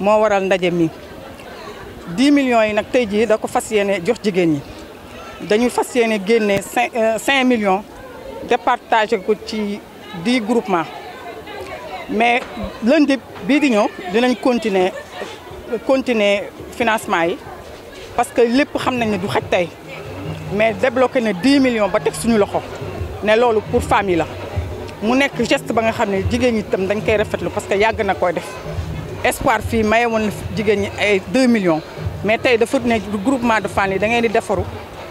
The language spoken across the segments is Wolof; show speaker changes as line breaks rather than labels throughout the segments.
mo waral ndaje mi 10 millions yi nag tey jii da ko fas jox jigen ñi dañu fas yéene 5 5 euh, millions départagé ko ci 10 groupement mais lundi bi di ñëw dinañ continuer continuer financement yi parce que lepp xam nañ ne du xaj tay mais débloquer na 10 millions ba teg suñu loxo ne lolu pour famille la mu nek geste ba nga xam ne jigéen ñi tam dañ koy rafetlu parce que yag na koy def espoir fi maye woon jigéen ñi ay 2 millions mais tay dafa ne groupement de fans yi da ngeen di defaru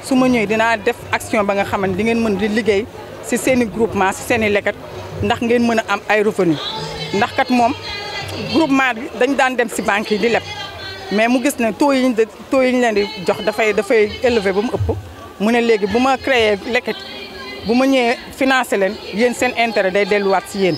su ma ñëwee def action ba nga xam di ngeen mën di liggéey ci seen groupement ci seen i lekkat ndax ngeen mën am ay revenu ndax kat mom groupement bi dañ daan dem ci banque yi di lepp mais mu gis ne taux yi ñu taux yi ñu leen di jox dafay dafay élevé ba mu ëpp mu ne léegi bu ma créé lekkat bu ma ñëwee financé leen yéen seen intérêt day delluwaat si yéen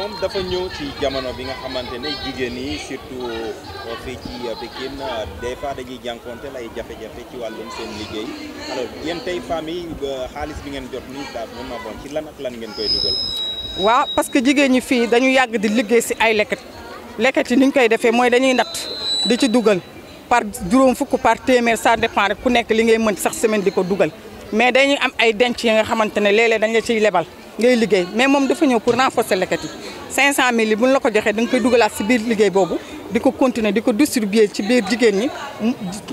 moom dafa ñëw ci jamono bi nga xamante ne jigéen yi surtout euh, fii ci Pikine des fois dañuy jànkonteel ay jafe-jafe ci wàllum seen liggéey alors yéen tey femmes euh, yi xaalis bi ngeen jot nii daal mën naa bon ci lan ak lan ngeen koy dugal.
waaw parce que jigéen ñi fii dañu yàgg di liggéey si ay leket leket yi ni ñu koy defee mooy dañuy natt di ci dugal par juróom fukk par téeméer ça dépend rek ku nekk li ngay mën sax semaine di ko dugal mais dañuy am ay denc nga xamante ne léeg-léeg la ciy lebal. ngay liggéey mais moom dafa ñëw pour renforcer lekkat yi 500000 yi bu ñu la ko joxee da nga koy dugalaat si biir liggéey boobu di ko continuer di ko distribuer ci biir jigéen ñi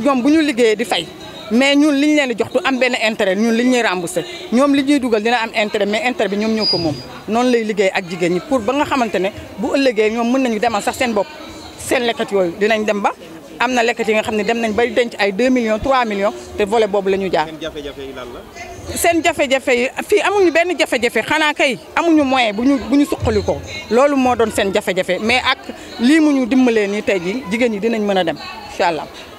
ñoom bu ñu liggéeyee di fay mais ñun li ñu leen di jox du am benn intérêt ñun li ñuy remboursé ñoom li ñuy dugal dina am intérêt mais intérêt bi ñoom ñoo ko moom noonu lay liggéey ak jigéen ñi pour ba nga xamante ne bu ëllëgee ñoom mën nañu demal sax seen bopp seen lekkat yooyu dinañ dem ba am na lekkat yi nga xam ne dem nañ bay denc ay 2 millions 3 millions te volet boobu la ñu jaar. seen jafe-jafe yi seen jafe-jafe amuñu benn jafe-jafe xanaa kay amuñu moyen bu ñu bu ñu suqali loolu moo doon seen jafe-jafe mais ak lii mu ñu dimbalee nii tey jii jigéen ñi dinañ mën a dem incha allah.